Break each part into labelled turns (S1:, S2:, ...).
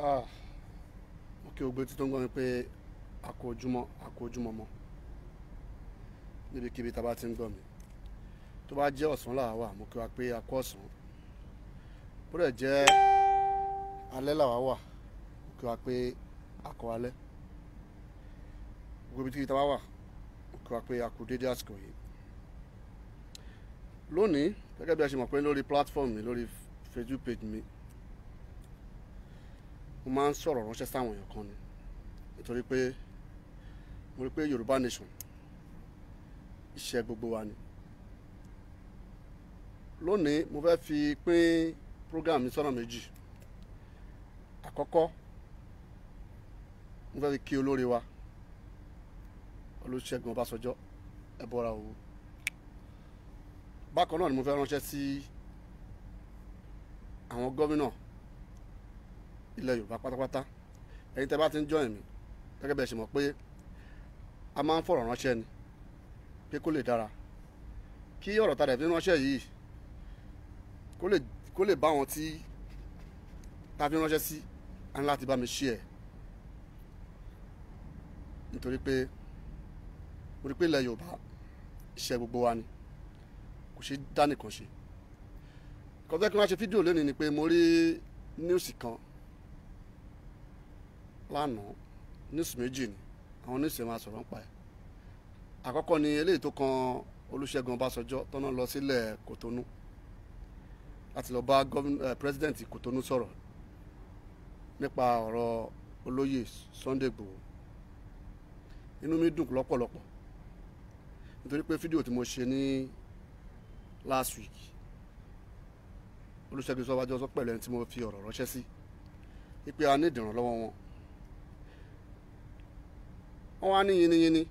S1: òkè ah. ògbé tí tó ń gbọ́ mi pé àkójúmọ́ àkójúmọ́ mọ́ níbikíbi tá a bá ti ń gbọ́ mi tó bá jẹ́ ọ̀sán làwa wà mo kí wa pé a kú ọ̀sán bó dẹ̀ jẹ́ alẹ́ làwa wà mo kí wa pé a kú alẹ́ gbogbo ibi tá a bá wà mo kí wa pé a kú dédé àsìkò yìí lónìí gẹ́gẹ́ bí a ṣe mọ̀ pé lórí platform mi lórí Facebook page mi mo máa ń sọ̀rọ̀ ránṣẹ́ sáwọn èèyàn kan ni nítorí pé mo rí pé Yorùbá nation iṣẹ́ gbogbo wa ni lónìí mo fẹ́ fi pín program mi sọ́nà méjì àkọ́kọ́ mo fẹ́ fi kí olórí wa Olúṣẹ́gun Ọbásanjọ́ ẹ bọ́ra òwò bákan náà ni mo fẹ́ ránṣẹ́ sí àwọn gómìnà ilẹ̀ yorùbá pátápátá ẹ̀yin tẹ́ bá ti ń join mi gẹ́gẹ́ bẹ́ẹ̀ ṣe mọ̀ pé a máa ń fọ̀rọ̀ ránṣẹ́ ni pé kó lè dára kí ọ̀rọ̀ ta dẹ̀ fi ránṣẹ́ yìí kó lè bá wọn tí ta fi ránṣẹ́ sí a ní láti bá mi share nítorí pé mo rí pé ilẹ̀ yorùbá iṣẹ́ gbogbo wa ni kò ṣe dá nìkan ṣe kọjá kí wọ́n ṣe fídíò lónìí ni pé mo rí níwùsì kan lánàá níṣù méjì ni àwọn oníṣẹ́ máa sọ̀rọ̀ nípa ẹ̀ àkọ́kọ́ ni eléyìí tó kan Olúṣẹ́gun Ọbásanjọ́ tọ́nà lọ sílẹ̀ Kòtónú láti lọ bá eh, pírẹsidẹ́ǹtì Kòtónú sọ̀rọ̀ nípa ọ̀rọ̀ olóyè Sunday Igboho inú mi dùn lọ́pọ̀lọpọ̀ nítorí pé fídíò tí mo ṣe ní last week Olúṣẹ́gun sọ́wájú ọsọ pẹ̀lú ẹni tí mo fi ọ̀rọ̀ ránṣẹ́ sí wípé a ní ìdìrànlọ́wọ́ wọn wọ́n wá ní yinyinyiní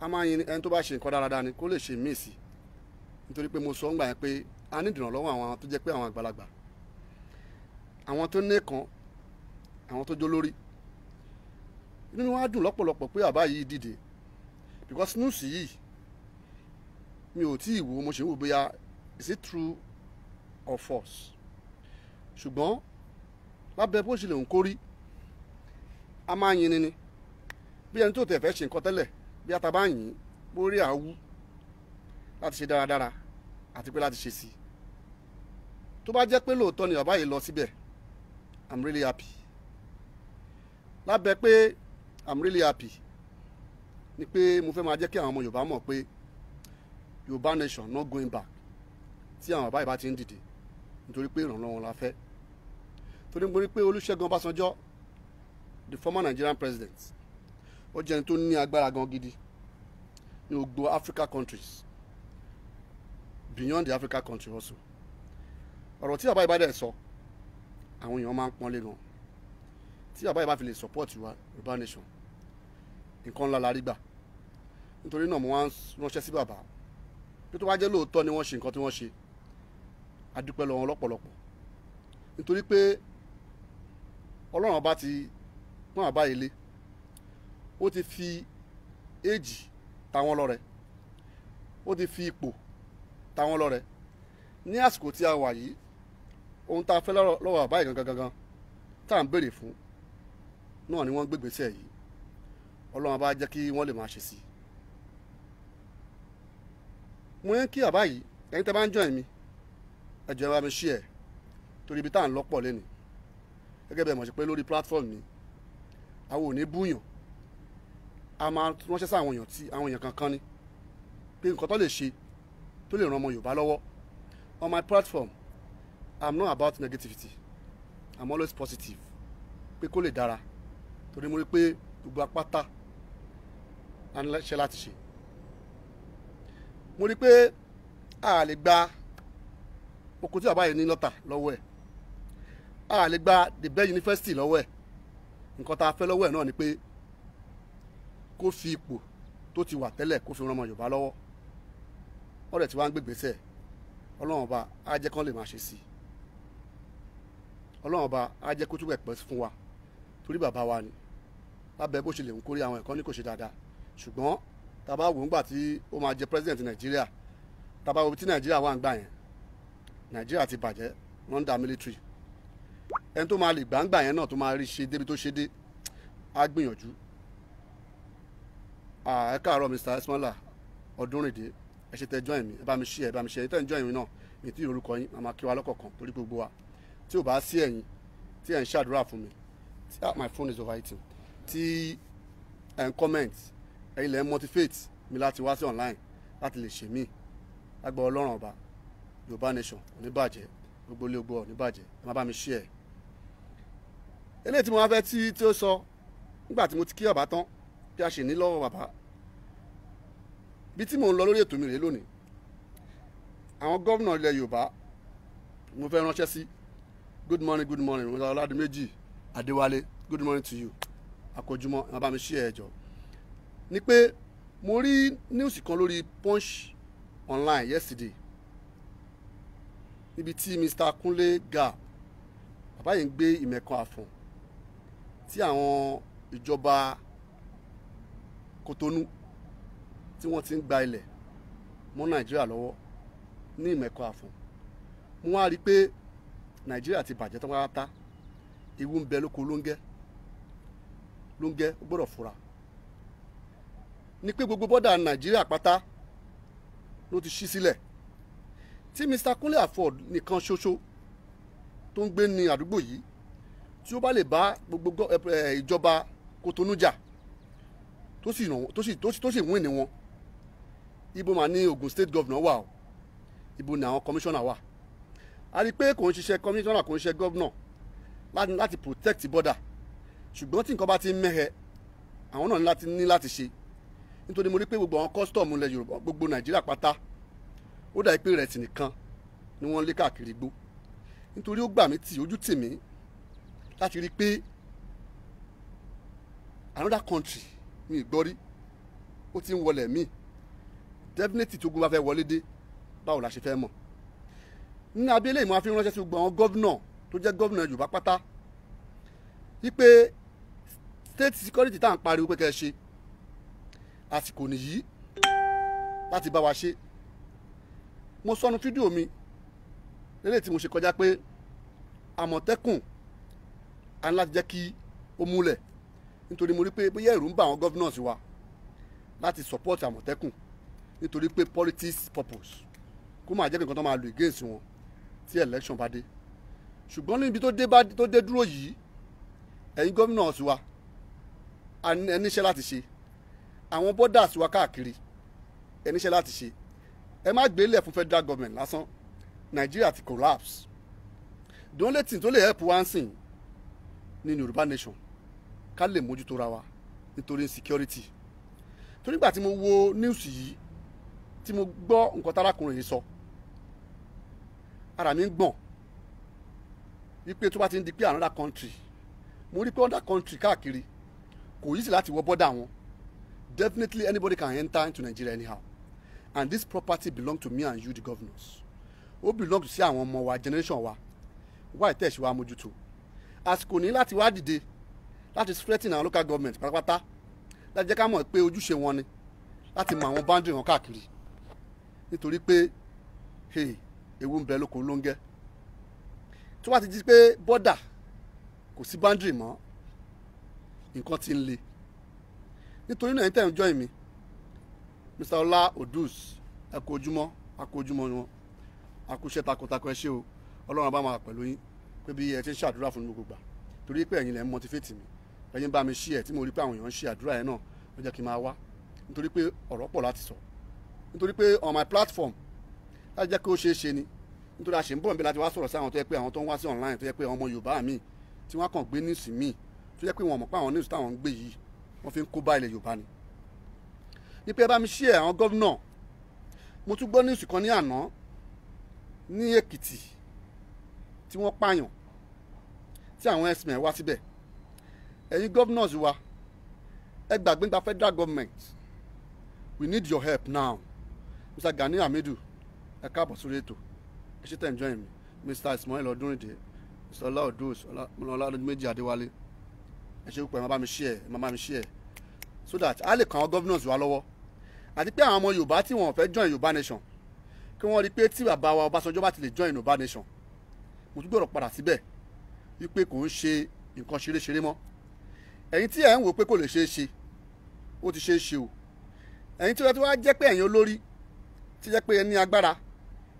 S1: a máa yin ẹni tó bá ṣe nǹkan dáradára ni kó lè ṣe míì sí nítorí pé mo sọ ń gbà yẹn pé a ní ìdìrànlọ́wọ́ àwọn tó jẹ́ pé àwọn àgbàlagbà àwọn tó ní kan àwọn tó jólórí inú mi wá dùn lọ́pọ̀lọpọ̀ pé àbá yìí dìde because news yìí mi ò tí ì wò mo ṣe ń wò bóyá is it true or false ṣùgbọ́n lábẹ́ bó ṣe lè ń kórí a máa yin ni ni bí ẹni tó tẹ̀ fẹ́ ṣe nǹkan tẹ́lẹ̀ bí ataba yìí àwú láti ṣe dáradára àti pé láti ṣe sí i tó bá jẹ́ pé lóòótọ́ ni bàbá yìí lọ síbẹ̀ i'm really happy lábẹ́ pé i'm really happy ni pé mo fẹ́ máa jẹ́ kí àwọn ọmọ Yorùbá mọ̀ pé Yorùbá nation not going back tí àwọn bàbá yìí bá ti ń dìde nítorí pé ìrànlọ́wọ́ la fẹ́ torí mo rí pé Olúṣẹ́gun Ọbásanjọ́ the former Nigerian president ó jẹ́ ẹni tó ní agbára gan gidi ní gbogbo Africa countries beyond the Africa country also ọ̀rọ̀ tí bàbá ìbàdàn sọ àwọn èèyàn máa ń pọ́nlé gan tí bàbá ìbá fi lè support wa Yorùbá nation nǹkan ńlá la rí gbà nítorí náà mo wá ránṣẹ́ sí bàbá pé tó bá jẹ́ lóòótọ́ ni wọ́n ṣe nǹkan tí wọ́n ṣe a dúpẹ́ lọ́wọ́ lọ́pọ̀lọpọ̀ nítorí pé ọlọ́run ọba ti pọ́n àbá ilé ó ti fi èjì táwọn lọ́rẹ ó ti fi ipò táwọn lọ́rẹ ní àsìkò tí a wà yìí ohun tá a fẹ́ lọ́wọ́ àbáyé gangan gangan tá à ń béèrè fún náà ni wọ́n gbégbèsè yìí ọlọ́run bá jẹ́ kí wọ́n lè máa ṣe sí i mo ń kí àbá yìí ẹni tẹ́ bá ń join mi ẹ jọ̀ọ́ ẹ bá mi share torí ibi tá à ń lọ́pọ̀ lẹ́nu gẹ́gẹ́ bẹ́ẹ̀ mọ̀ sí pé lórí platform mi àwọn ò ní búyàn a máa ránṣẹ́ sí àwọn èèyàn tí àwọn èèyàn kankan ni pé nǹkan tó lè ṣe tó lè ran ọmọ Yorùbá lọ́wọ́ on my platform I'm not about negativity I'm always positive pé kó lè dára torí mo rí pé gbogbo apáta a ní ṣe láti ṣe mo rí pé a lè gba oko tí bàbá yìí ní lọ́tà lọ́wọ́ ẹ̀ a lè gba the best university lọ́wọ́ ẹ̀ nǹkan tá a fẹ́ lọ́wọ́ ẹ̀ náà ni pé kó fi ipò tó ti wà tẹ́lẹ̀ kó fi ran ọmọ Yorùbá lọ́wọ́ wọ́n dẹ̀ ti wá ń gbègbèsẹ̀ Ọlọ́run ọba á jẹ́ kán lè máa ṣe sí i Ọlọ́run ọba á jẹ́ kó túbọ̀ pẹ́ fún wa torí bàbá wa ni lábẹ́ bó ṣe lè ń kórè àwọn ẹ̀kọ́ ní kò ṣe dáadáa ṣùgbọ́n tá a bá wò ó ńgbà tí ó máa jẹ president Nàìjíríà tá a bá wò tí Nàìjíríà wà ń gbà yẹn Nàìjíríà ti bàjẹ́ rọ́ndà military ẹni tó máa lè gbàǹgbà yẹn náà tó máa rí ṣe débi tó ṣe dé á gbìyànjú ẹ káàárọ̀ mr ismaila ọdúnrìndé ẹ ṣe tẹ join mi ẹ bá mi ṣe ẹ bá mi ṣe ẹ tẹ ń join mi náà mi ti orúkọ yín màmá kí wa lọ́kọ̀ọ̀kan torí gbogbo wa tí ò bá sí ẹ̀yin tí ẹ̀ ń ṣàdúrà fún mi ah, my phone is overheating tí ẹ̀ ń comment ẹ̀yin lẹ̀ ń motivate mi láti wá sí online láti lè ṣe mí lágbọ́ ọlọ́run ọba yorùbá nation ò ní bàjẹ́ gbogbo ilé ogbó ò ní bàjẹ́ ẹ má bá mi ṣe ẹ̀ eléyìí tí mo wá fẹ́ tí tí ó sọ nígbà tí mo ti kí ọ̀bá tán tí a sì ní lọ́wọ́ bàbá bí tí mò ń lọ lórí ètò mi rèé lónìí àwọn gómìnà ilẹ̀ Yorùbá mo fẹ́ ránṣẹ́ sí good morning good morning mo sọ Ọládùméjì Adéwálé good morning to you àkójúmọ́ ẹ má bá mi ṣí ẹ jọ ni pé mo rí níwùsì kan lórí Punch online yesterday níbi tí Mr. Kunle Gap bàbá yìí ń gbé ìmẹ̀kan àfọ̀n tí àwọn ìjọba Kotonu tí wọ́n ti ń gba ilẹ̀ mọ́ Nàìjíríà lọ́wọ́ ní ìmẹ̀kọ àfọ̀n mo wá rí i pé Nàìjíríà ti bàjẹ́ tán pátá ewu ń bẹ lóko lóńgẹ́ lóńgẹ́ ó gbọ́dọ̀ fura ni pé gbogbo bọ́dà Nàìjíríà pátá ló ti ṣí sílẹ̀ tí Mr Kunle Afod nìkan ṣoṣo tó ń gbé ní àdúgbò yìí tí ó bá lè bá gbogbo ìjọba Kotonu jà. Ja tó sì tó sì wíìnì wọn ibo mà ní Ogun state governor wà o ibo ní àwọn commissioner wà a rí i pé kò ń ṣiṣẹ́ commissioner kò ń ṣiṣẹ́ governor láti láti protect border ṣùgbọ́n tí nǹkan bá ti ń mẹ́hẹ àwọn náà ní láti ní láti ṣe nítorí mo rí pé gbogbo àwọn custom ilẹ̀ Yorùbá gbogbo Nàìjíríà pátá ó dà pé rẹ̀ tì nìkan ni wọ́n lé káàkiri gbó nítorí ó gbà mí tì ojú tì mí láti rí i pé another country mi ì gbọ́ rí ó ti ń wọlẹ̀ míì definitely tó gun bá fẹ́ wọlé dé báwo la ṣe fẹ́ mọ̀ nínú abẹ́lé ìmọ̀ àfihàn ránṣẹ́ sí gbogbo àwọn gọ́vnọ̀ tó jẹ́ gọ́vnọ̀ Yorùbá pátá wípé state security tá à ń pariwo pé kẹ́ ṣe àsìkò nìyí láti bá wa ṣe mo sọnu fídíò mi lélẹ́yìí tí mo ṣe kọjá pé àmọ̀tẹ́kùn a ní láti jẹ́ kí ó múlẹ̀ nítorí mo rí pé bóyá ẹ̀rù ń bà àwọn governors wa láti support àmọ̀tẹ́kùn nítorí pé politics purpose kó máa jẹ́ kí nǹkan tó máa lò against wọn tí election bá dé ṣùgbọ́n níbi tó dé dúró yìí ẹ̀yin governors wa ẹ níṣẹ́ láti ṣe àwọn borders wa káàkiri ẹ níṣẹ́ láti ṣe ẹ má gbé ilẹ̀ fún federal government lásán Nàìjíríà ti collapse the only thing tó lè help wa ń sìn ni Yorùbá nation ká lè mójútó ra wa nítorí security torí gbà tí mo wo news yìí tí mo gbọ́ nǹkan tárakùnrin yìí sọ ara mi ń gbọ̀n wípé tó bá ti ń di pé another country mo rí pé another country káàkiri kò yí sí láti wọ bọ́dà wọn definitely anybody can enter into Nigeria anyhow and this property belong to me and you the governors ó belong sí àwọn ọmọ wa generation wa wá ìtẹ̀síwá mójútó àsìkò ní láti wá dìde láti threatening our local government pátápátá láti jẹ́ ká mọ̀ pé ojúṣe wọn ni láti mọ àwọn boundary wọn káàkiri nítorí pé ewu ń bẹ lóko ló ń gẹ́ tó bá ti di pé border kò sí boundary mọ́ nǹkan ti ń le nítorí náà tẹ̀ ń join mi Mr. Ọlá Odus ẹ kú ojúmọ́ a kú ojúmọ́ wọn a kú iṣẹ́ takuntakun ẹ ṣé o Ọlọ́run bá máa pẹ̀lú yín pé bí ẹ ti ń ṣàdúrà fún gbogbo gbà torí pé ẹ̀yin lẹ ń motivate mi lẹ́yìn bá mi ṣí ẹ̀ tí mo rí pé àwọn èèyàn ń ṣe àdúrà yẹn náà ló jẹ́ kí n máa wá nítorí pé ọ̀rọ̀ pọ̀ láti sọ nítorí pé on my platform láti jẹ́ kí ó ṣeé ṣe ni nítorí a ṣe ń bọ̀ níbi láti wá sọ̀rọ̀ sí àwọn tó yẹ pé àwọn tó ń wá sí online tó yẹ pé ọmọ Yorùbá mi tí wọ́n kàn gbé news mi tó yẹ pé wọn mọ̀ pé àwọn news táwọn ń gbé yìí wọ́n fi ń kó bá ilẹ̀ Yorùbá ni. ní pé ẹ bá mi ṣí ẹ̀yin governors wa ẹ gbàgbé gba federal government we need your help now mr gani hamidu ẹ káàbọ̀ sórí ètò ẹ ṣe tẹ̀ ń join mi mr ismail ọdúnrìndé mr ọláòdùs ọlọ́dúnméjì adéwálé ẹ ṣe púpọ̀ ẹ máa bá mi share ẹ máa bá mi share so that a lè kàn àwọn governors wa lọ́wọ́ àti pé àwọn ọmọ yorùbá tí wọn fẹ́ join yorùbá nation kí wọ́n rí i pé tí bàbá wa ọbásanjọ́ bá ti lè join yorùbá nation mo tún gbọ́dọ̀ padà síbẹ̀ wípé kò ń ṣe nǹkan ṣeréṣeré mọ́ ẹ̀yin tí ẹ̀ ń wò pé kò lè ṣeé ṣe ó ti ṣeé ṣe o ẹ̀yin tí wọ́n jẹ́ pé ẹ̀yin olórí tí jẹ́ pé ẹ ní agbára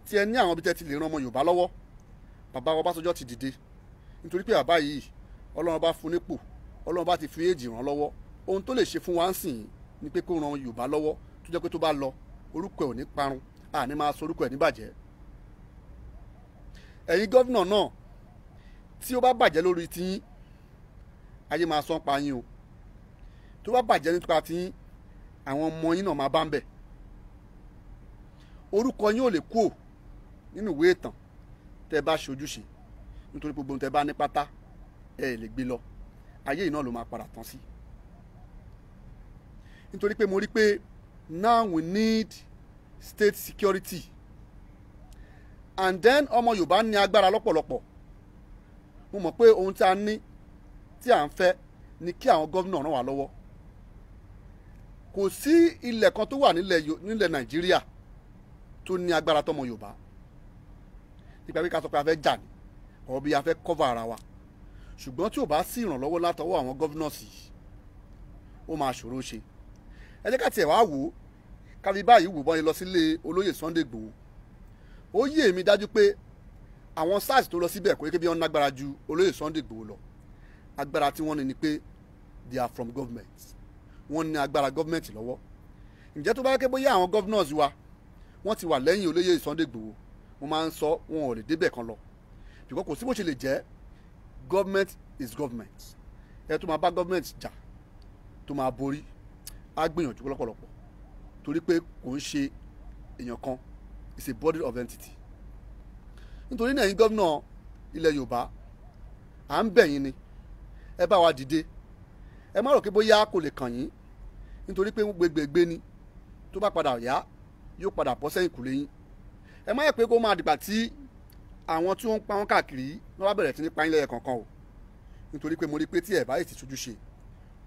S1: tí ẹ ní àwọn ibi tẹ́ ti lè ran ọmọ Yorùbá lọ́wọ́ bàbá wa Ọbásanjọ́ ti dìde nítorí pé bàbá yìí Ọlọ́run bá fún nípò Ọlọ́run bá ti fi èjì ràn lọ́wọ́ ohun tó lè ṣe fún wa ń sìn ni pé kó ran Yorùbá lọ́wọ́ tó jẹ́ pé tó bá lọ orúkọ ẹ̀ ò ní parun àní máa sọ orúkọ ẹ̀ ní bàjẹ́ ẹ̀yin gọ́vnà náà tí ó bá bàjẹ́ lórí tiyín ayé máa sán pa yín o tó bá bàjẹ́ nípa tí àwọn ọmọ yín náà máa bá ń bẹ̀ orúkọ yín ò lè kú ò nínú ìwé ìtàn tẹ bá ṣojúṣe nítorí gbogbo tẹ bá ní pátá ẹ lè gbé lọ ayé yìí náà ló máa padà tán sí nítorí pé mo rí pé now we need state security and then ọmọ Yorùbá ní agbára lọ́pọ̀lọpọ̀ mo mọ̀ pé ohun tí a ní tí à ń fẹ́ ni kí àwọn gómìnà ràn wá lọ́wọ́ kò sí ilẹ̀ kan tó wà nílẹ̀ nàìjíríà tó ní agbára tọmọ yorùbá nípa pé ká sọ pé a fẹ́ jà ní ọ̀rọ̀ bí a fẹ́ kọ́va ara wa ṣùgbọ́n tí ò bá sí ìrànlọ́wọ́ látọwọ́ àwọn gọ́fínọ̀sì yìí ó máa ṣòro ṣe ẹ jẹ́ ká tiẹ̀ wá wò ó ká báyìí wò bọ́ni lọ sílé olóyè Sunday Igboho ó yé mi dájú pé àwọn SARS tó lọ síbẹ̀ kò yẹ kí bí wọ́n nágbára ju olóyè Sunday Igboho lọ agbára tí wọ́n ní ni pé they are from government wọ́n ní agbára government lọ́wọ́ ǹjẹ́ tó bá yẹ kí bóyá àwọn governors wa wọ́n ti wà lẹ́yìn olóyè Sunday Igboho wọ́n máa ń sọ wọn ò lè débẹ̀ kan lọ because kò sí bó ṣe lè jẹ́ government is government ẹ tó máa bá government jà tó máa borí á gbìyànjú lọ́pọ̀lọpọ̀ torí pé kò ń ṣe èèyàn kan it's a body of entity nítorí náà yín gómìnà ilẹ̀ Yorùbá à ń bẹ̀ ni ẹ bá wa dìde ẹ má rò pé bóyá kò lè kàn yín nítorí pé gbẹgbẹgbẹ ni tó bá padà yá yóò padà bọ́ sẹ́yìn kù lẹ́yìn ẹ má yẹ pé kó máa dìgbà tí àwọn tí wọ́n ń pa wọ́n káàkiri wọ́n bá bẹ̀rẹ̀ sí ní pa yín lẹ́yìn kankan o nítorí pé mo rí pé tí ẹ̀ báyìí ti tújú ṣe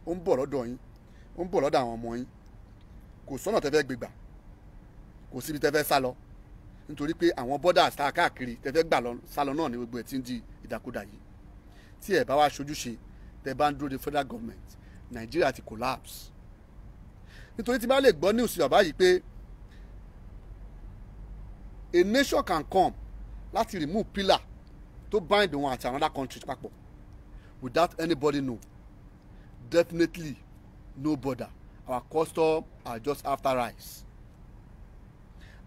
S1: ó ń bọ̀ lọ́dọ̀ yín ó ń bọ̀ lọ́dọ̀ àwọn ọmọ yín kò sọ́nà tẹ́fẹ́ gbégbà kò síbi tẹ́fẹ́ sá lọ nítorí pé àwọn bọ́dà sá káàkiri tẹ́fẹ́ gbà sá lọ náà ni gbogbo ẹ̀ ti ń di ìdàkudà yìí tí ẹ̀ bá wá ṣojúṣe tẹ́ bá ń dúró de federal government nàìjíríà ti collapse nítorí tí bá lè gbọ́ news yàrá yìí pé a nation can come láti remove pillar to bind one àti another country papọ̀ without anybody know definitely no border our custom are just after rice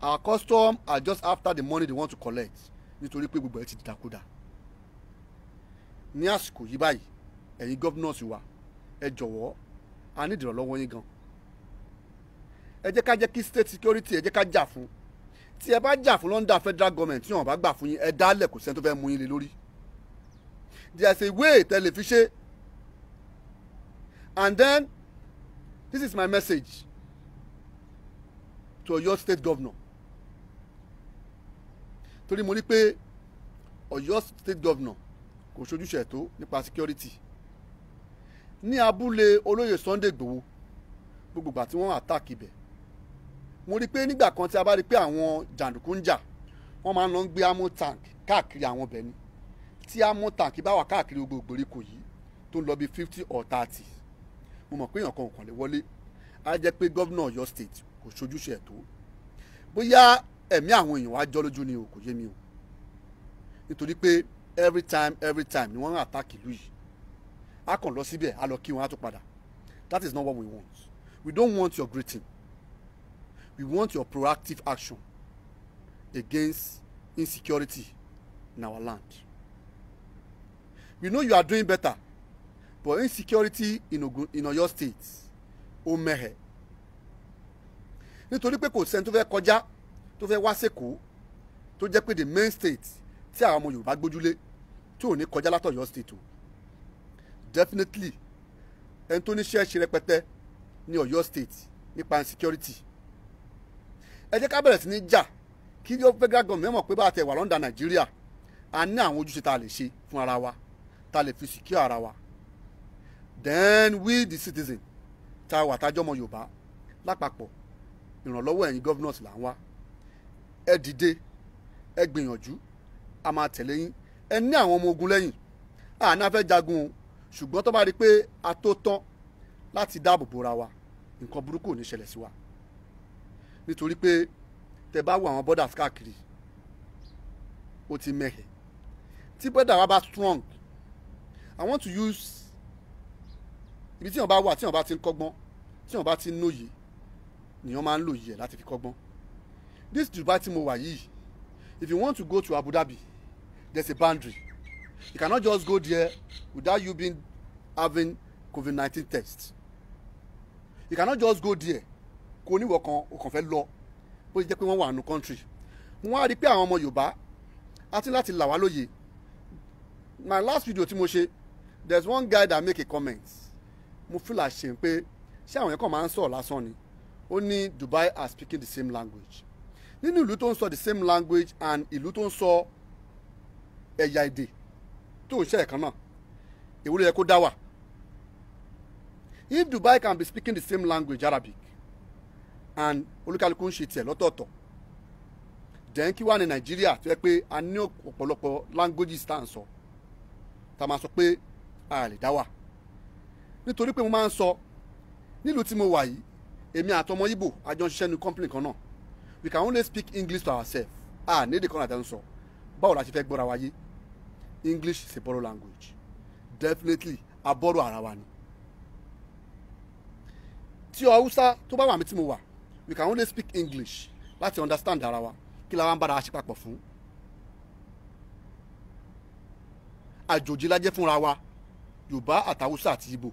S1: our custom are just after the money they want to collect nítorí pé gbogbo ẹ ti dàkúdà ní àsìkò yìí báyìí ẹ̀yin governors wa ẹ jọ̀wọ́ a ní ìdìrànlọ́wọ́ yín gan ẹ jẹ́ ká jẹ́ kí state security ẹ jẹ́ ká jà fún tí ẹ bá jà fún London federal government tí wọn bá gbà fún yín ẹ dálẹ̀ kò sẹ́ni tó fẹ́ mú yín lé lórí there is a way tẹ́lẹ̀ fi ṣe and then this is my message to Ọ̀yọ́ state governor torí mo rí pé Ọ̀yọ́ state governor kò ṣojúṣe tó nípa security ní abúlé olóyè Sunday Igboho gbogbo ìgbà tí wọ́n àtàkì ibẹ̀ mo rí i pé nígbà kan tí a bá rí i pé àwọn jàǹdùkú ń jà wọ́n máa ń lọ gbé amú tank káàkiri àwọn ibẹ̀ ni tí amú tank bá wà káàkiri gbogbo ìgbèríko yìí tó ń lọ bí fifty or thirty mo mọ̀ pé èèyàn kan kàn lè wọlé á jẹ́ pé gómìnà Ọ̀yọ́ state kò ṣojúṣe ẹ̀ tó bóyá ẹ̀mí àwọn èèyàn wá jọ́ lójú ni o kò yé mi o nítorí pé every time every time ni wọ́n ń àtàkì ìlú yìí a kàn lọ síbẹ̀ a lọ kí wọn a tún padà that is not what we want we don't want your greeting we want your proactive action against insecurity in our land we know you are doing better but insecurity in, Ogun, in Oyo State ó mẹ́hẹ̀ nítorí pé kò sẹ́ni tó fẹ́ kọjá tó fẹ́ wá sẹ́kọ̀ọ́ tó jẹ́ pé the main state tí àwọn ọmọ Yorùbá gbójúlé tí ò ní kọjá látọ̀yọ́ state o definitely ẹni tó ní ṣẹ́ẹ̀ṣì rẹpẹtẹ ní Ọ̀yọ́ state nípa insecurity ẹ jẹ́ ká bẹ̀rẹ̀ sí ní jà kí yóò federal government mọ̀ pé bá a tẹ̀ wà lọ́ndà nàìjíríà a ní àwọn ojúṣe tá a lè ṣe fún ara wa tá a lè fi secure ara wa then we the citizen tá a wà tájọ́ ọmọ yorùbá lápapọ̀ ìrànlọ́wọ́ ẹ̀yin governors là ń wá ẹ dìde ẹ gbìyànjú a máa tẹ̀lé yín ẹ ní àwọn ọmọ ogun lẹ́yìn àná fẹ́ jagun o ṣùgbọ́n tó bá rí i pé a tó tán láti dáàbò bora wa nǹkan burúkú ò ní ṣẹlẹ̀ sí wa nítorí pé tẹ bá wo àwọn borders káàkiri ó ti mẹ́hẹ̀ tí border wa bá strong i want to use ibi tí wọn bá wà tí wọn bá ti ń kọ́gbọ́n tí wọn bá ti ń lóye ni wọn máa ń lòye ẹ̀ láti fi kọ́gbọ́n this Dubai tí mo wà yìí if you want to go to Abu Dhabi there's a boundary You cannot just go there without you being having COVID-19 test. You cannot just go there kò níwọ̀ kan o kàn fẹ́ lọ bó ti jẹ́ pé wọ́n wà nù country. Wọ́n á rí i pé àwọn ọmọ Yorùbá á ti láti là wá lóye. My last video tí mo ṣe there is one guy that make a comment. Mo feel ashamed pé ṣé àwọn yẹn kàn máa ń sọ̀rọ̀ lásán ni. Ó ní Dubai are speaking the same language. Nínú ìlú tó ń sọ the same language and ìlú tó ń sọ ẹ̀yà èdè tó ṣe ẹ̀kan náà èwo ló yẹ kó dá wà. if Dubai can be speaking the same language Arabic and olúkálukú ń ṣe tiẹ̀ lọ́tọ̀ọ̀tọ̀ then kí wà ní Nàìjíríà tó yẹ pé a ní ọ̀pọ̀lọpọ̀ languages tá à ń sọ tá a máa sọ pé a lè dá wà nítorí pé mo máa ń sọ nílùú tí mo wà yìí èmi àtọmọ Ìgbò àjọ ń ṣiṣẹ́ ní company kan náà we can only speak English to ourselves a ní èdè kan àti à ń sọ báwo la ṣe fẹ́ gbọ́ra wa English is a borrow language definitely a borrow ara wa ni tí Hausa tó bá wà mí tí mo wà we can only speak English láti understand ara wa kí la wá ń bára aṣí papọ̀ fún àjòjì la jẹ́ fúnra wa Yorùbá àtàwùsà àti Ìgbò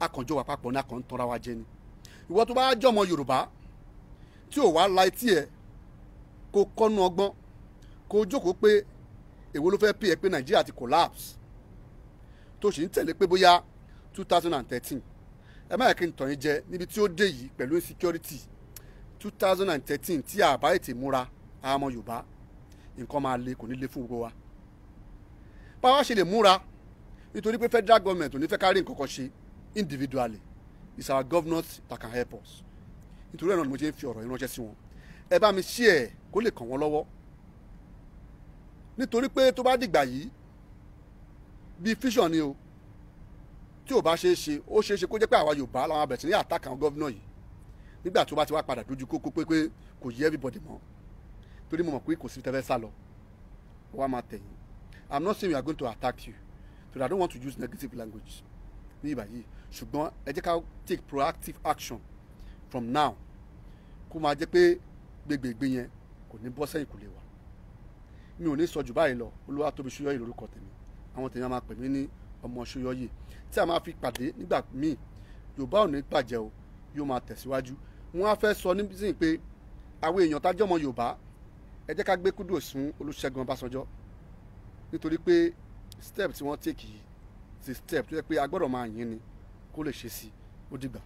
S1: akànjọ wà papọ̀ ní akàntọ́ra wa jẹ ni ìwọ tó bá jẹ́ Yorùbá tí ò wá la etí ẹ̀ kó kọ́nu ọgbọ́n kó jókòó pé èwo ló fẹ́ pè é pé nàìjíríà ti collapse tó sì ń tẹ̀lé pé bóyá two thousand and thirteen ẹ má yẹ kí n tàn yín jẹ níbi tí ó dé yìí pẹ̀lú insecurity two thousand and thirteen tí àbá ètè múra àmọ́ yorùbá nǹkan máa le kò ní le fún gbogbo wa báwa ṣe lè múra nítorí pé federal government ò ní fẹ́ ká rí nǹkan kan ṣe individually it's our governors that can help us nítorí ẹ̀ náà ni mo ṣe ń fi ọ̀rọ̀ yìí ránṣẹ́ sí wọn ẹ bá mi ṣí ẹ̀ kó lè kàn wọ́n lọ́wọ́ nítorí pé tó bá dìgbà yìí bíi fission ni o tí ò bá ṣeé ṣe ó ṣeé ṣe kó jẹ́ pé àwa Yorùbá làwọn abẹ̀sí ní àtàkà àwọn gọ́vnọ̀ yìí nígbà tó bá ti wá padà dojú kókó pé pé kò yẹ everybody mọ́ torí mo mọ̀ pé kò sí tẹ́fẹ́ sá lọ wọ́n á máa tẹ̀yìn I'm not saying we are going to attack you but I don't want to use negative language ní ìgbà yìí ṣùgbọ́n ẹ jẹ́ ká take proactive action from now kó máa jẹ́ pé gbégbègbè yẹn kò ní bọ́ sẹ́yìn kò lè wá mi ò ní sọ jù báyìí lọ olúwa tóbi ṣúyọyè lórúkọ tèmi àwọn tèmi a máa pè mí ní ọmọ ṣúyọyè tí a máa fi pàdé nígbà míì yorùbá ò ní bàjẹ́ o yóò máa tẹ̀síwájú wọn á fẹ́ sọ nísìnyí pé àwọn èèyàn tájọ́ ọmọ yorùbá ẹ jẹ́ ká gbé kúdò sún olúṣẹ́gun ọbásanjọ́ nítorí pé step tí wọ́n take yìí ti step tó yẹ pé agbọ́dọ̀ máa yìn ni kó lè ṣe sí ó dìgbà.